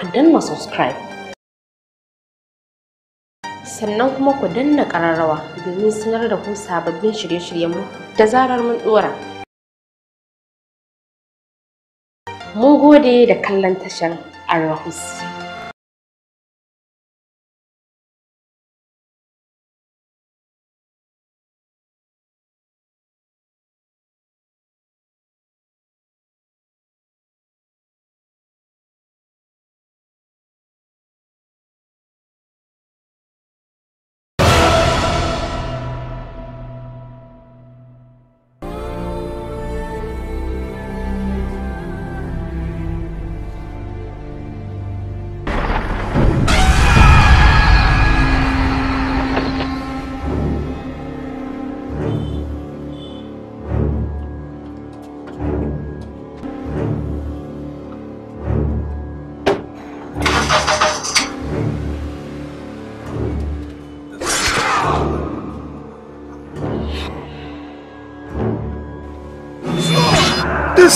ku danna subscribe sannan kuma ku danna ƙararrawa domin sanar da ku sababbin shirye-shiryenmu da zarar mun ɗora. Mun gode da kallon tashar Arahus.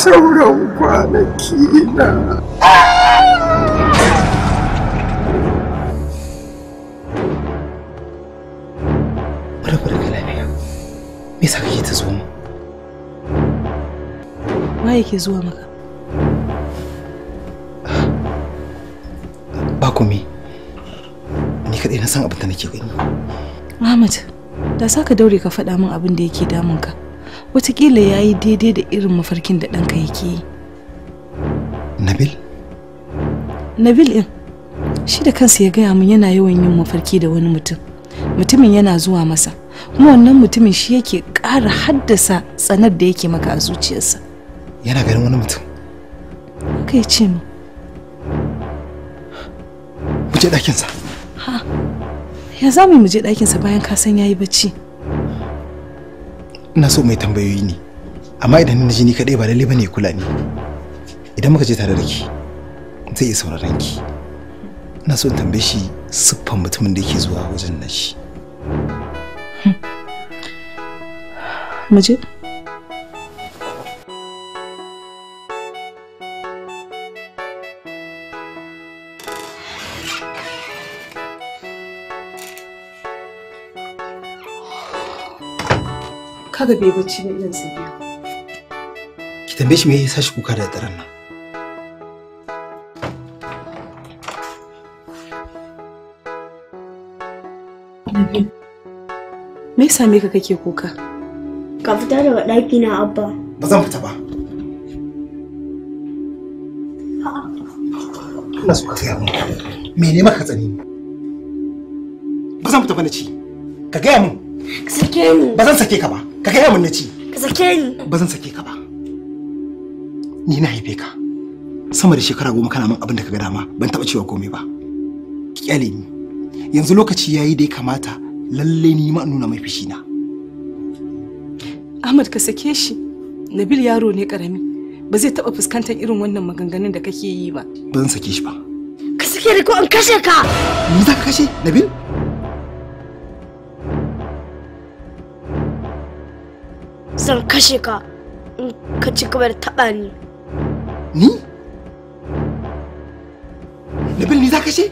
sauran kwanaki na Me yasa kake ta zo mu? Waye ke zuwa maka? Ba komai. Ni kaɗai na san abin da nake gani. Ahmad, da sa ka daure ka faɗa min abin da yake damunka. watakila ya yi daidai da irin mafarkin da ɗanka yake yi nabil nabil ɗin shi da kansa ya gaya min yana yawan yin mafarki da wani mutum mutumin yana zuwa masa kuma wannan mutumin shi yake ƙara haddasa tsanar da yake maka a zuciyarsa yana ganin wani mutum kai ce mu mu je ɗakinsa ha ya za mu je ɗakinsa bayan ka san ya yi bacci ina so mai tambayoyi ne amma idan na ji ni kadai ba lalle bane kula ni idan muka je tare da ki zai iya sauraron ki ina so in tambaye shi siffan mutumin da yake zuwa wajen nashi mu kaga bai bacci ba idan sa biyu ki tambaye shi me yasa shi kuka da daren nan me yasa me ka kake kuka? Ka fita daga ɗaki na Abba. Ba zan fita ba. ina so ka gaya Me ne maka tsani ba zan fita ba na ci ka gaya mun sake ni ba zan sake ka ba ka kai min na ka sake ni ba zan sake ka ba ni na haife ka sama da shekara goma kana min abin da ka dama ban taba cewa komai ba ki kyale ni yanzu lokaci yayi da ya kamata lalle ni ma nuna mai fishi na Ahmad ka sake shi Nabil yaro ne karami ba zai taba fuskantar irin wannan maganganun da kake yi ba ba sake shi ba ka sake ni ko an kashe ka ni za ka kashe Nabil zan kashe ka in ka ci gaba da taɓa ni ni nabil ni za kashe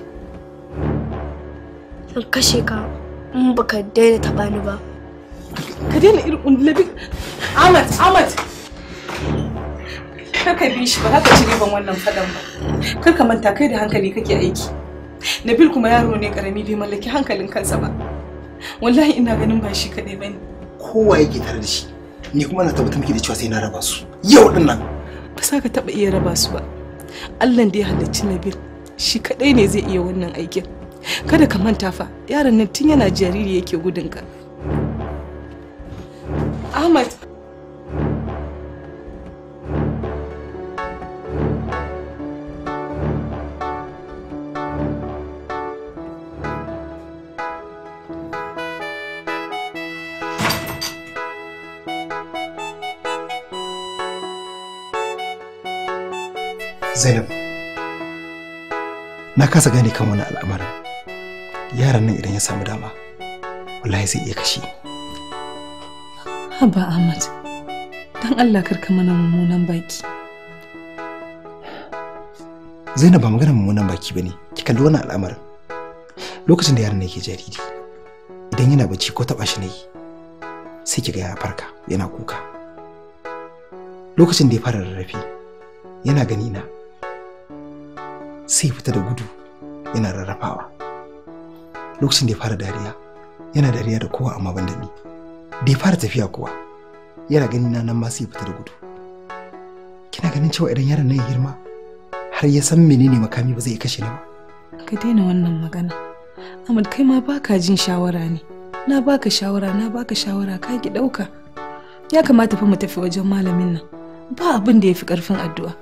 zan kashe ka in ka daina taɓa ni ba ka daina irin nabil ahmad ahmad kar ka bi shi ba ka ci riban wannan fadan ba kar ka manta kai da hankali kake aiki Nabil kuma yaro ne karami bai mallaki hankalin kansa ba. Wallahi ina ganin ba shi kadai bane. Kowa yake tare da shi. ni kuma na tabbatar miki da cewa sai na raba su yau din nan ba sa ka taba iya raba su ba Allah da ya halicci Nabil shi kadai ne zai iya wannan aikin kada ka manta fa yaron nan tun yana jariri yake gudun ka Ahmad Zainab, na kasa gane kan wani al'amarin. Yaran nan idan ya samu dama, wallahi zai iya kashi. Abba Ahmad, don Allah karka mana mummunan baki. Zainab ba magana mummunan baki bane ki kalli wannan al'amarin. Lokacin da yaran nan yake jariri, idan yana bacci ko taba shi na yi, sai ki ga ya farka yana kuka. Lokacin da ya fara rarrafe, yana gani na sai fita da gudu yana rarrafawa lokacin da ya fara dariya yana dariya da kowa amma ban da ni da ya fara tafiya kuwa yana gani na nan ma sai fita da gudu kina ganin cewa idan yaron nan ya girma har ya san menene makami ba zai kashe ni ba ka daina wannan magana amad kai ma baka jin shawara ne na baka shawara na baka shawara ka ki dauka ya kamata fa mu tafi wajen malamin nan ba abin da ya fi karfin addu'a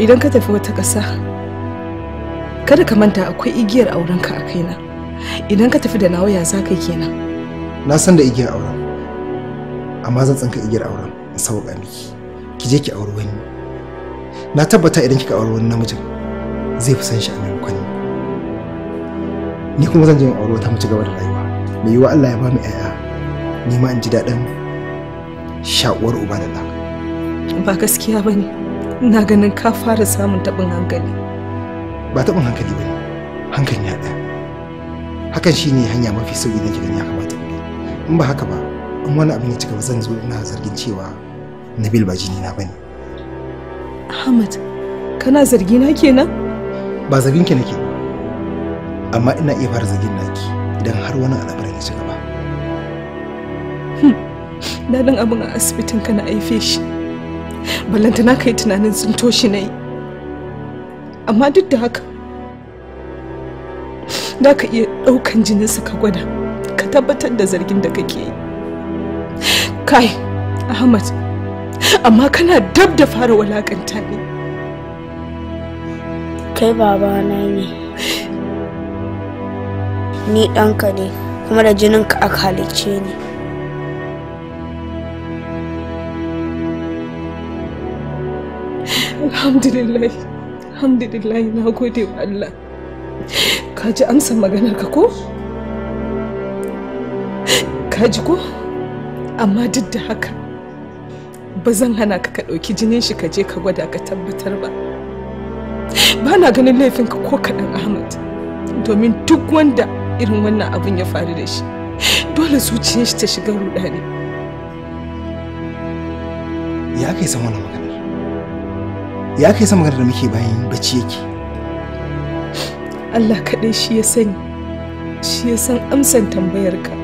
idan ka tafi wata ƙasa kada ka manta akwai igiyar aurenka a kaina idan ka tafi da nawa ya ka kenan na san da igiyar auren amma zan tsanka igiyar auren a sauka miki ki je ki auri wani na tabbata idan kika auri wani namijin zai fi san shi a maimakon ni kuma zan je in auri wata mace gaba da rayuwa mai yiwuwa Allah ya ba mu 'ya'ya ni ma in ji daɗin sha'uwar uba da ɗa ba gaskiya ba ne na ganin ka fara samun taɓin hankali ba taɓin hankali ba ne hankali ya ɗaya hakan shi ne hanya mafi sauƙi da ke ya kamata in ba haka ba in wani abin ya cika ba zan zo ina zargin cewa nabil ba jini na bane ahmad kana zargi na kenan ba zargin ki nake amma ina iya fara zargin naki idan har wani al'amarin ya ci gaba dadin hmm. abin a asibitin ka na aife shi ballantana ka yi tunanin sun toshi na amma duk da haka da ka iya ɗaukan jininsa ka gwada ka tabbatar da zargin da kake yi kai ahmad amma kana dab da fara walakanta ne kai babana ne ni ɗanka ne kuma da jininka aka halicce ne. alhamdulillah alhamdulillah na gode wa Allah ka ji amsa maganar ka ko ka ji ko amma duk da haka ba zan hana ka ka ɗauki jinin shi ka je ka gwada ka tabbatar ba ba na ganin ka ko kaɗan ahmad domin duk wanda irin wannan abun ya faru da shi dole zuciyar ta shiga ruɗani ya kai san wani ya kai sama da muke bayan bacci yake Allah kaɗai shi ya sani shi ya san amsan tambayarka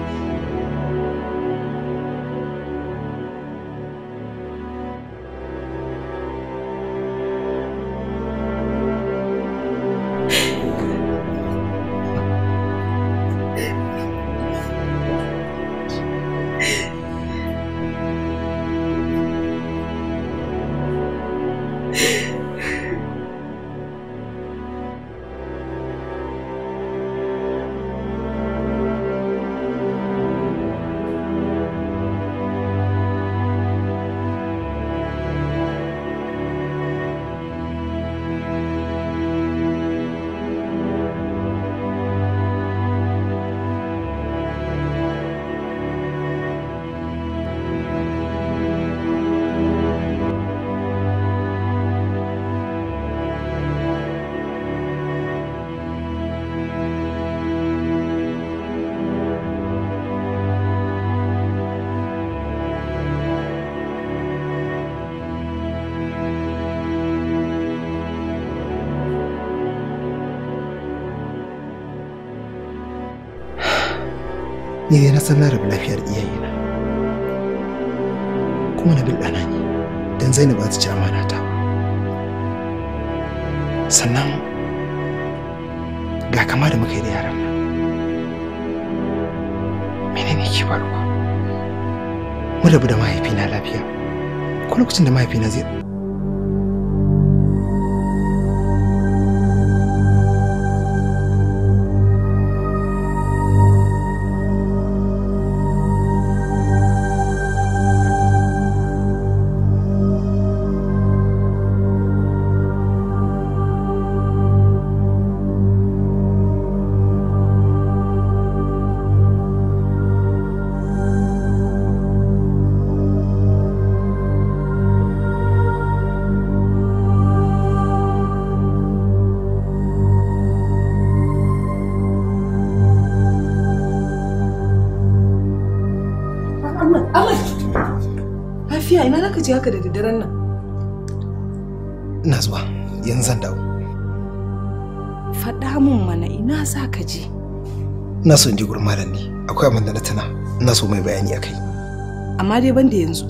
ne na nasar larab lafiyar iyayena kuma na bil ɗana ne don ba ta ci amana ta sannan ga kama da muka yi da yaran nan menene ke faruwa mu rabu da mahaifina lafiya ko lokacin da mahaifina zai ka je haka da daddaren nan? Ina zuwa, yanzu zan dawo. Faɗa min mana ina sa ka je? Ina so in je gurin malam ne, akwai abin da na tana, ina so mai bayani a kai. Amma dai ban da yanzu,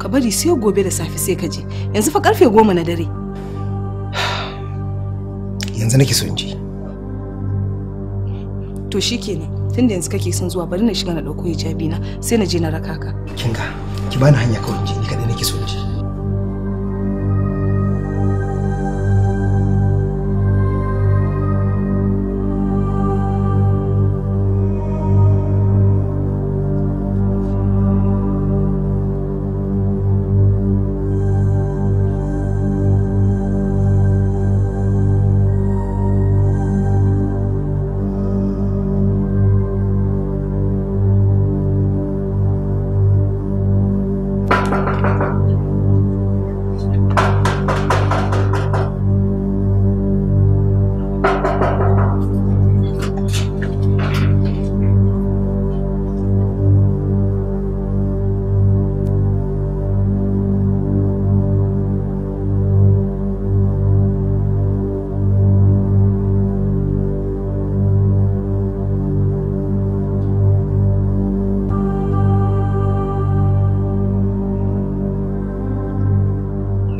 ka bari sai gobe da safe sai ka je, yanzu fa karfe goma na dare. Yanzu nake so in je. To shikenan, tunda yanzu kake son zuwa bari na shiga na ɗauko hijabi na sai na je na raka ka. Kinga. ki bani hanya kawai ki ni kaɗai nake so ki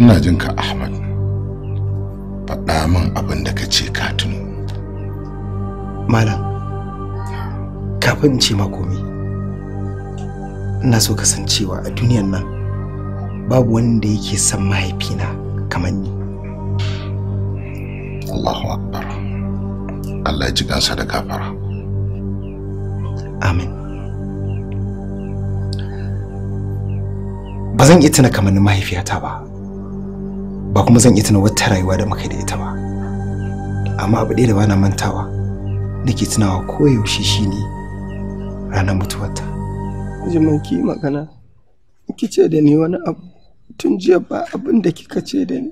ina jin ka ahmad faɗa min abin da ka ce ka tuno malam kafin in ce ma komi ina so kasancewa a duniyan nan babu wanda yake son mahaifina kamar ni Allahu akbar Allah ya ji gansa da gafara amin ba zan iya tuna kamar mahaifiyata ba ba kuma zan iya tuna wata rayuwa da muka da ita ba amma abu ɗaya da bana mantawa nake tunawa koyaushe ne ranar mutuwarta jimin ki magana ki ce da ni wani abu tun jiya ba abin da kika ce da ni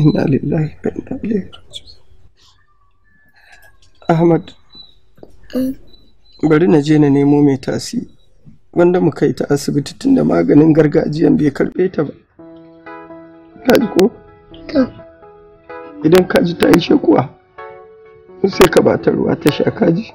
inna lillahi wa inna ilaihi raji'un ahmad eh, bari na je na nemo mai tasi wanda mu kai ta asibiti tunda maganin gargajiyan bai karɓe ta ba ka ji ko idan ka ji ta yi shakuwa sai ka bata ruwa ta sha ka ji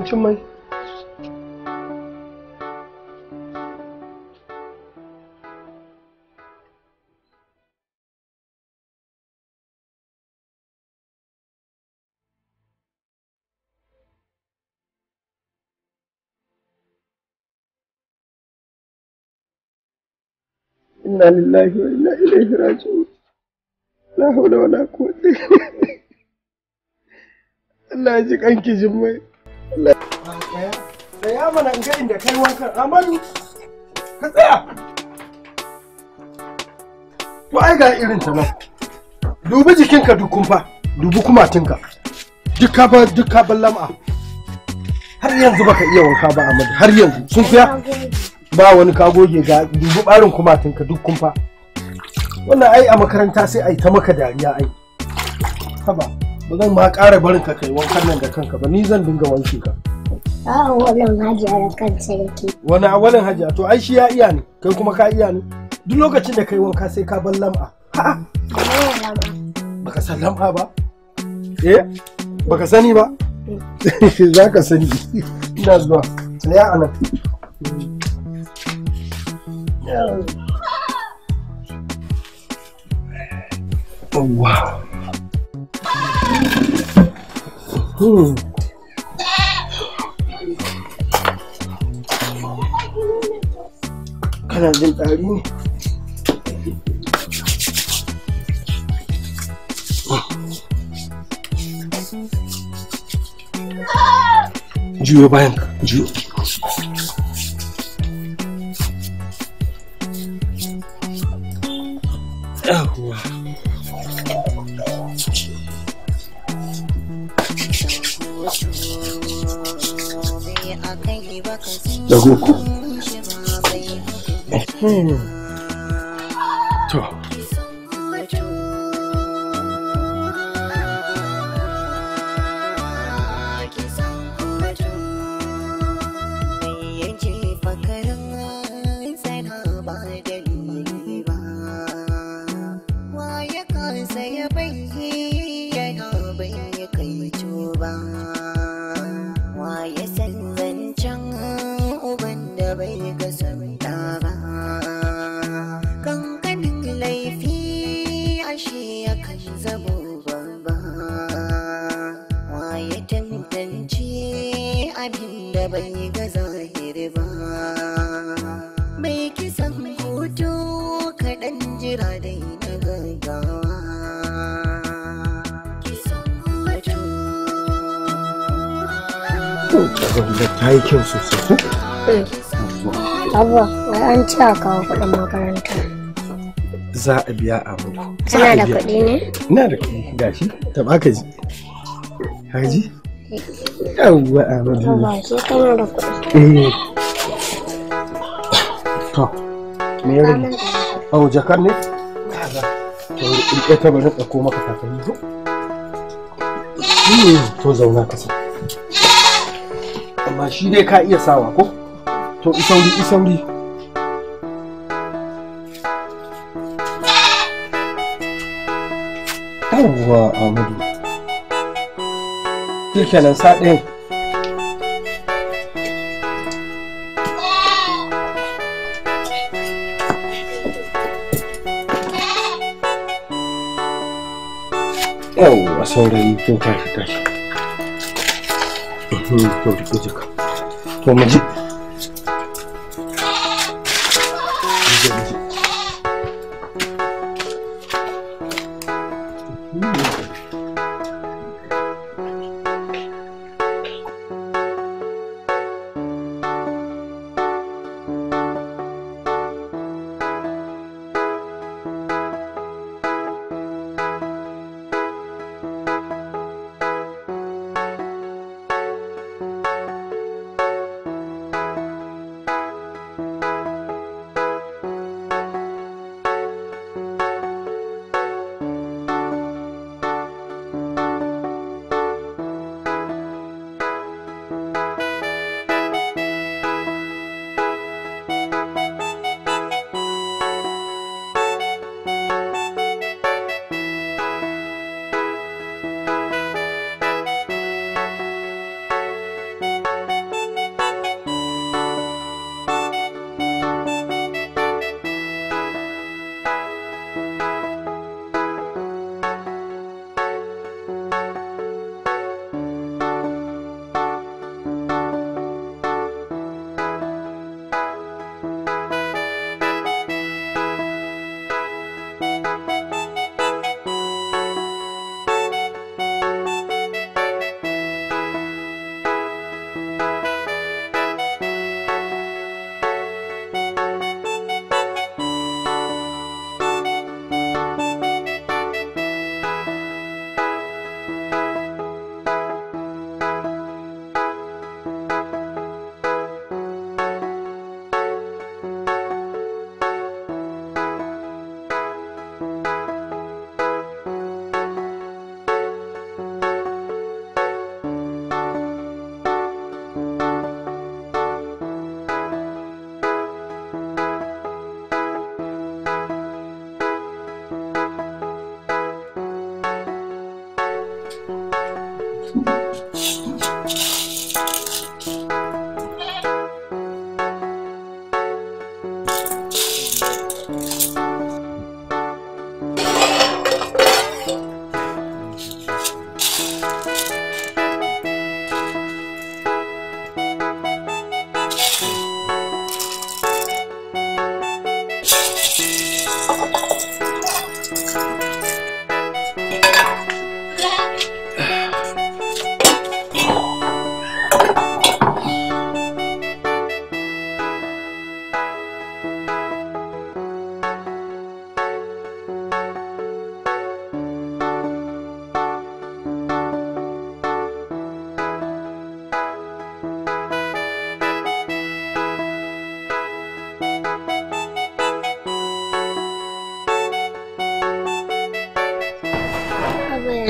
mutumin inna lillahi wa inna ilaihi raji'un la hawla wala quwwata Allah ya ji kanki mai Tsaya mana in ga inda kai wankan Amadu ka tsaya. To ai ga irin ta nan. Dubi jikinka duk kumfa, dubi kumatinka. duka ka bar duk lam'a. Har yanzu baka iya wanka ba Amadu, har yanzu sun fiya. Ba wani ka goge ga dubi barin kumatinka duk kumfa. Wannan ai a makaranta sai ai ta maka dariya ai. Haba. ba zan ma ƙara barin ka kai wankan nan da kanka ba ni zan dinga wanke ka a wannan hajiya da kansa yake wani awalin hajiya to ai shi ya iya ne kai kuma ka iya ne duk lokacin da kai wanka sai ka ban lam'a ha'a baka san lam'a ba eh baka sani ba za ka sani ina zuwa tsaya a nan Oh, wow. karena Kanan din bayang abubuwa wai an ci a kawo kuɗin makaranta za a biya a muku kana da kuɗi ne ina da kuɗi gashi ta baka ji haji yawwa a madu ba ke kana da kuɗi eh to me ya A au kan ne kaza to in ita bari ɗauko maka takalmi ko hmm, to zauna ka kasa amma shi ne ka iya sawa ko to isauri isauri yawwa amadu shi kenan sa ɗayan yawwa saurayi to tashi tashi to rike jika to mu うん。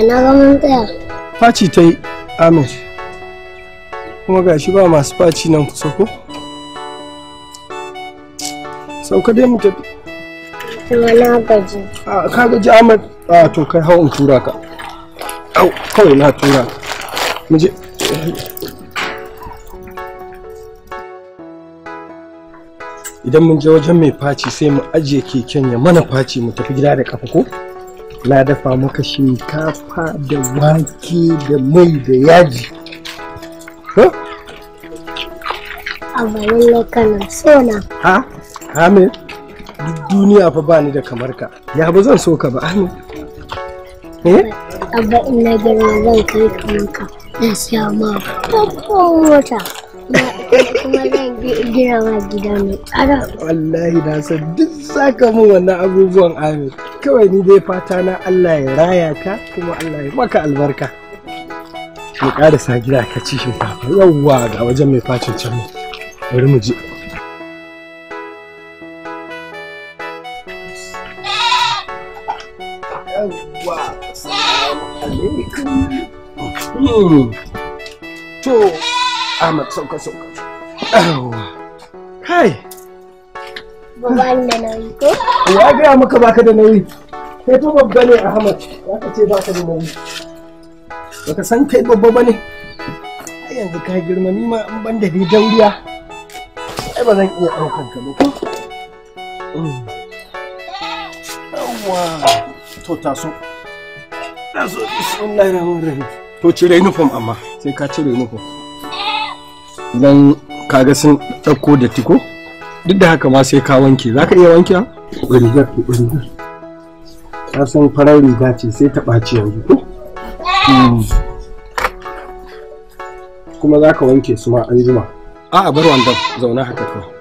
A zaman ga mun tsaya. Faci ta yi, Amin. Kuma ga shi ba masu faci nan kusa ko? Sauka dai mu tafi. Kuma na gaji. Ka gaji Ahmad? A to kai hau in tura ka. Au, kawai na tura ka. Mu je. Idan mun je wajen mai faci sai mu ajiye keken ya mana faci mu tafi gida da kafa ko? na dafa maka shinkafa da wake da mai da yaji amma lallai kana so na ha amin duk duniya fa ba ni da kamar ka ya ba zan so ka ba amin eh abba ina da zan kai kamar ka Ya siya ma babban mota kuma zan gina ma gida mai tsara wallahi na san duk saka mun wannan abubuwan amin kawai ni dai fata na Allah ya raya ka kuma Allah ya maka albarka mu sa gida ka ci shinkafa yawwa ga wajen mai facin can mu bari mu ji hmm. To, sauka sauka. Kai! Ba da nauyi ko? Ya gaya maka baka da nauyi. Kai fa babba ne Ahmad, za ka ce baka da nauyi. Baka san kai babba ba ne? Ai yanzu ka girma ni ma in ban da dai dauriya. Ai ba zan iya ɗaukan ka ba ko? Yawwa, to taso. Taso, bismillahir rahmanir rahim. To cire uniform amma sai ka cire uniform. Idan kaga sun ɗauko da tiko. duk da haka ma sai ka wanke za ka iya wanke rigar rigar ka san farar riga ce sai ta ɓaci yanzu ko hmm. kuma za ka wanke su ma an jima a'a bar wandan zauna haka kawai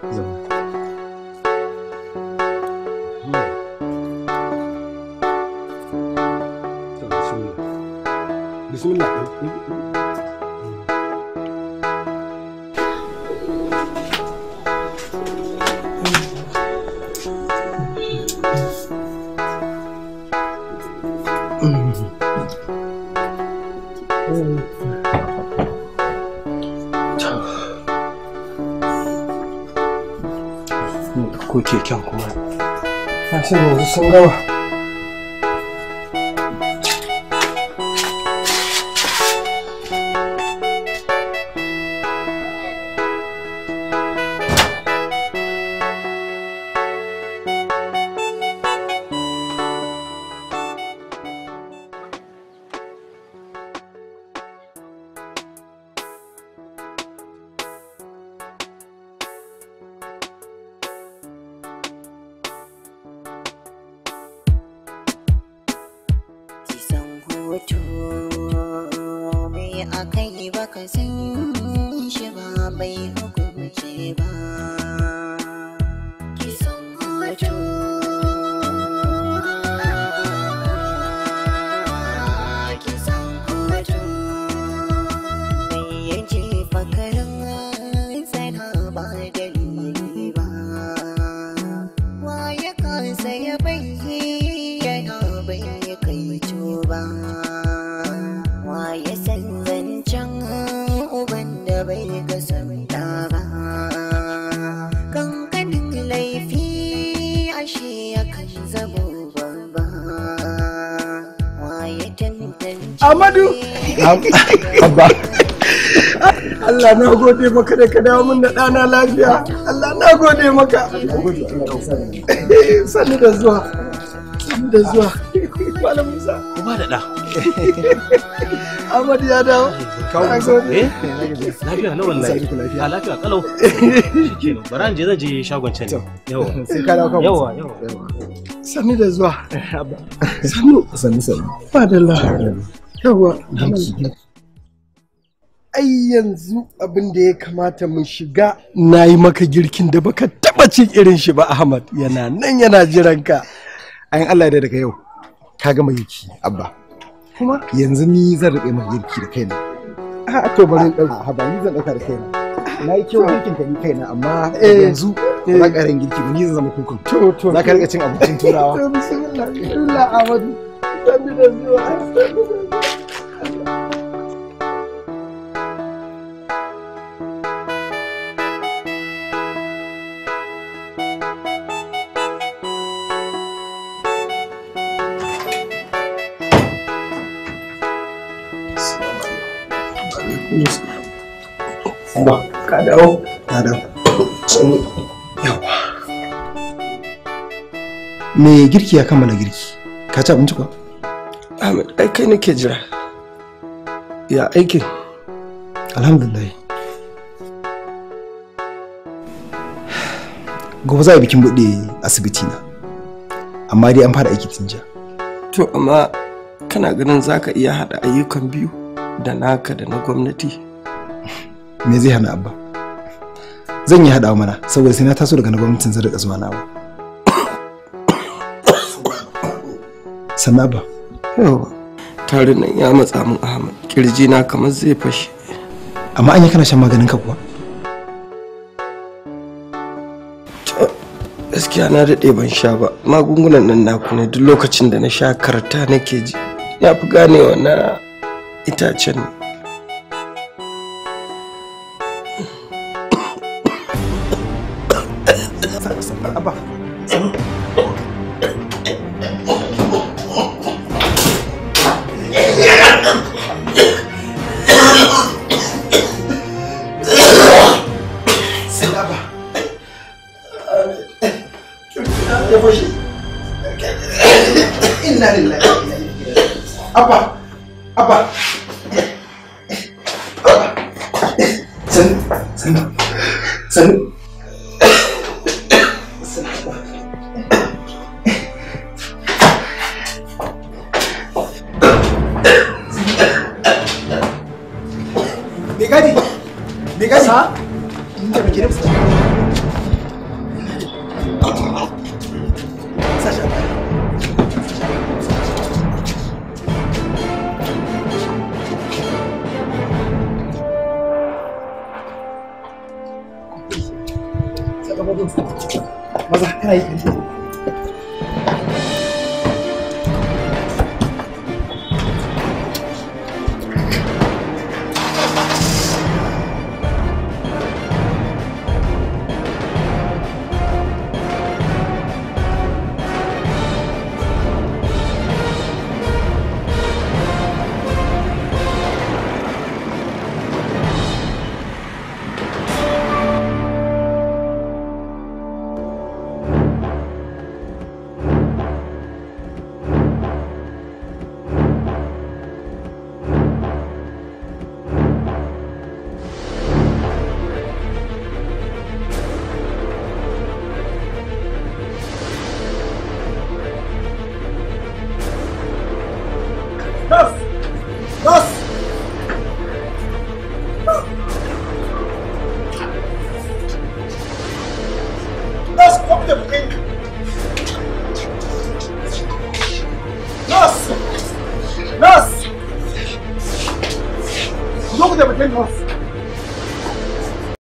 Amadu. Abba. Allah na gode maka da ka dawo min da ɗana lafiya. Allah na gode maka. Sani da zuwa. Sani da zuwa. Malam Musa. Kuma da ɗa. Amadu ya dawo. Eh? Lafiya na wallahi. Lafiya lafiya kalau. Bara je zan je shagon can. Yawa. Sai ka dawo kan. Yawa yawa. Sani da zuwa. Sannu. sani. sannu. Fadalla. yawa ai yanzu abin da ya kamata mu shiga na yi maka girkin da baka taba cin irin shi ba ahmad yana nan yana jiran ka an allah da daga yau ka gama girki abba kuma yanzu ni zan rabe mai girki da kaina a to bari in dauka ha ba ni zan dauka da kaina na yi kyau girkin ka ni kaina amma eh, yanzu ba eh. karin girki ba ni zan zama kukan to to za ka rika cin abincin turawa to bismillah bismillah ahmad bi da zuwa me girki ya kammala girki ka ci abinci kuwa ahmad ai kai nake jira ya aikin alhamdulillah gobe za a yi bikin buɗe asibiti na amma dai an fara aiki tun to amma kana ganin za ka iya haɗa ayyukan biyu da naka da na gwamnati me zai hana abba zan yi haɗawa mana saboda sai na taso daga na gwamnatin zai rika zuwa nawa sanaba yawa tarin nan ya matsa min ahmad kirji na kamar zai fashe amma an yi kana shan maganin ka kuwa gaskiya na daɗe ban sha ba magungunan nan naku ne duk lokacin da na sha karta nake ji na fi ganewa na itacen ya fashe inna lillahi wa inna ilaihi raji'un abba abba sanu sanu sanu Me gadi, me gadi.